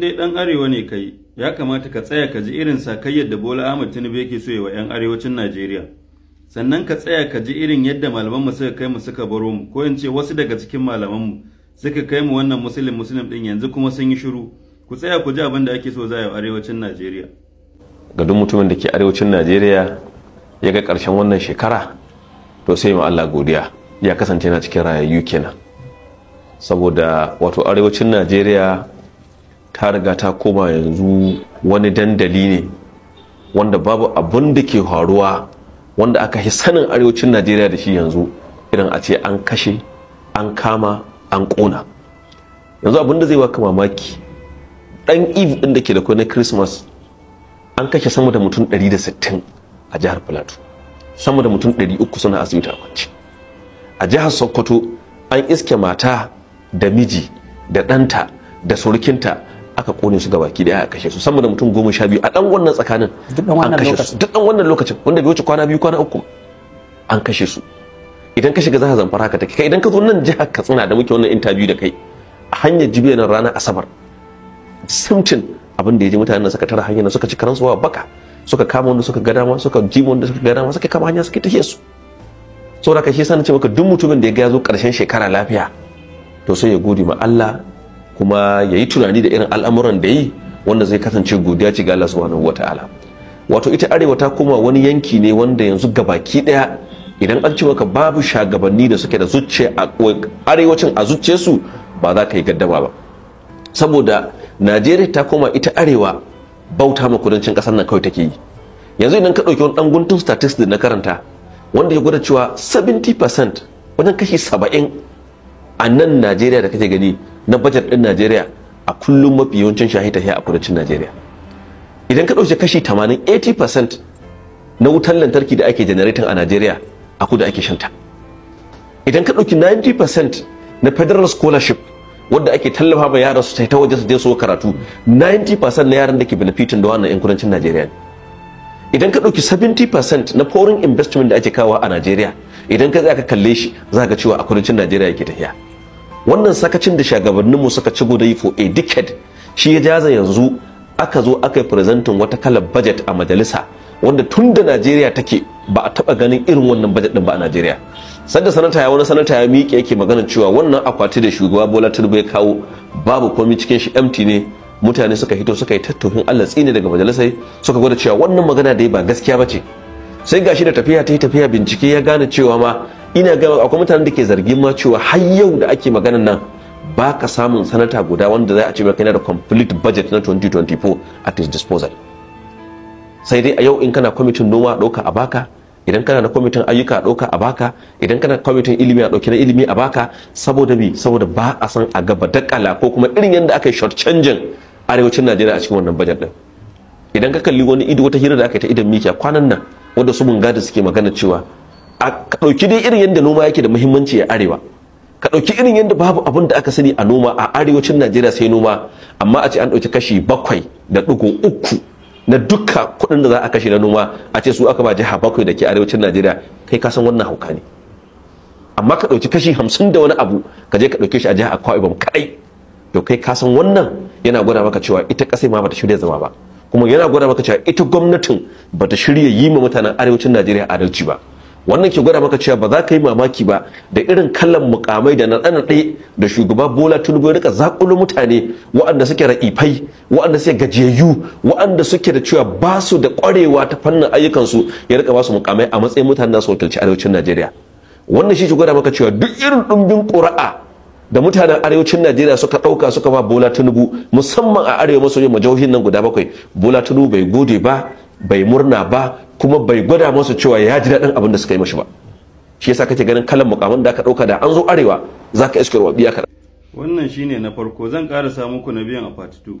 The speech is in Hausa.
dai dan arewa ne kai ya kamata ka tsaya ka ji irin sakayyar da Bola Ahmed Tinubu yake so wa 'yan arewacin Najeriya sannan ka tsaya ka ji irin yadda malaman mu suka kai mu suka baro mu ko in ce wasu daga cikin malaman mu suka kai mu wannan muslim muslim din yanzu kuma sun yi shiru ku tsaya ku ji abin da ake so za a arewacin Najeriya ga duk mutumin da ke arewacin Najeriya ya ga karshen wannan shekara to sai mu Allah godiya ya kasance na cikin rayayyu kenan saboda wato arewacin Najeriya ta riga ta koma yanzu wani dandali ne wanda babu abun da ke faruwa wanda aka yi sanin arewacin najeriya da shi yanzu irin a ce an kashe an kama an ƙona yanzu abin da zai baka mamaki ɗan eve ɗin da ke da na christmas an kashe sama da mutum 160 a jihar plateau sama da mutum 300 suna asibiti a kwanci a jihar sokoto an iske mata da miji da ɗanta da surukinta aka kone su gabaki daya a kashe su sama da mutum goma sha biyu a dan wannan tsakanin an kashe su duk dan wannan lokacin wanda bai wuce kwana biyu kwana uku an kashe su idan ka shiga za ka zamfara haka take kai idan ka zo nan ka katsina da muke wannan interview da kai a hanyar jibiya nan ranar asabar simcin abin da ya ji mutanen suka tara hanyar suka ci karansu wa baka suka kama wanda suka gada ma suka ji wanda suka gada ma suka kama hanya suka tafi su saboda ka shi sanin cewa duk mutumin da ya ga ya zo karshen shekara lafiya to sai ya gode ma Allah kuma ya yi tunani da irin al'amuran da yi wanda zai kasance godiya ce ga Allah subhanahu wata'ala wato ita arewa ta koma wani yanki ne wanda yanzu gabaki daya idan an ce maka babu shagabanni da suke da zucce a arewacin a zucce su ba za ka yi gaddama ba saboda najeriya ta koma ita arewa bauta ma kudancin kasar nan kawai take yi yanzu idan ka ɗauki wani ɗan guntun statistics na karanta wanda ya gwada cewa 70% wajen kashi saba'in. a nan najeriya da kake gani na bajet din najeriya a kullum mafi yawancin shahi tafiya a kudancin najeriya idan ka ɗauke kashi 80 80% na wutan lantarki da ake generating a najeriya a kudu ake shanta idan ka ɗauki 90% na federal scholarship wadda ake tallafa ma yaran su ta waje su je su karatu 90% na yaran da ke benefitin da wannan yan kudancin najeriya ne idan ka ɗauki 70% na foreign investment da ake kawo a Najeriya idan ka zai ka kalle shi za ka cewa a kudancin Najeriya yake tafiya wannan sakacin da shagabanninmu suka ci gudai for a decade shi ya jaza yanzu aka zo aka yi wata kalar budget a majalisa wanda tun da najeriya take ba a taba ganin irin wannan budget din ba a najeriya sanda sanata ya wani sanata ya miƙe yake maganar cewa wannan akwati da shugaba bola tinubu ya kawo babu komai cikin shi empty ne mutane suka hito suka yi tattofin allah tsine daga majalisai suka gwada cewa wannan magana dai ba gaskiya ba ce sai gashi da tafiya ta yi tafiya bincike ya gane cewa ma ina gama akwai mutanen da ke zargin ma cewa har yau da ake magana nan ba ka samun sanata guda wanda za a ce maka yana da complete budget na 2024 at his disposal sai dai a yau in kana kwamitin noma ɗauka a baka idan kana da kwamitin ayyuka ɗauka a baka idan kana kwamitin ilimi a ɗauki na ilimi a baka saboda bi saboda ba a san a gaba dakala ko kuma irin yadda aka yi short changing arewacin najeriya a cikin wannan bajet ɗin idan ka kalli wani ido wata hira da aka yi ta idan mikiya kwanan nan wanda su mun gadi suke magana cewa a dauki dai irin yadda noma yake da muhimmanci a arewa ka ɗauki irin yadda babu abin da aka sani a noma a arewacin najeriya sai noma amma a ce an dauki kashi bakwai da dugu uku na dukka kuɗin da za a kashe na noma a ce su aka ba jiha bakwai da ke arewacin najeriya kai ka san wannan hauka ne amma ka ɗauki kashi hamsin da wani abu ka je ka ɗauke shi a jiha ba ibom kaɗai to kai ka san wannan yana gwada maka cewa ita kasai ma bata shirya zama ba kuma yana gwada maka cewa ita gwamnatin ba ta shirya yi ma mutanen arewacin najeriya adalci ba wannan ke gwada maka cewa ba za ka yi mamaki ba da irin kallon mukamai da naɗe-naɗe da shugaba bola tinubu ya rika zakulo mutane waɗanda suke ra'ifai waɗanda suke gajiyayyu waɗanda suke da cewa ba su da ƙwarewa ta fannin ayyukansu ya rika ba su mukamai a matsayin mutanen nasu wakilci arewacin najeriya wannan shi ke gwada maka cewa duk irin ɗumbin ƙuri'a. da mutanen arewacin najeriya suka ɗauka suka ba bola tunubu musamman a arewa maso yamma jihohin nan guda bakwai bola tunubu bai gode ba bai murna ba kuma bai gwada masa cewa ya ji daɗin abin da suka yi mashi ba shi yasa kake ganin kalan mukamin da aka ɗauka da an zo arewa za ka iskar wa biya ka wannan shine na farko zan ƙarasa muku na biyan a part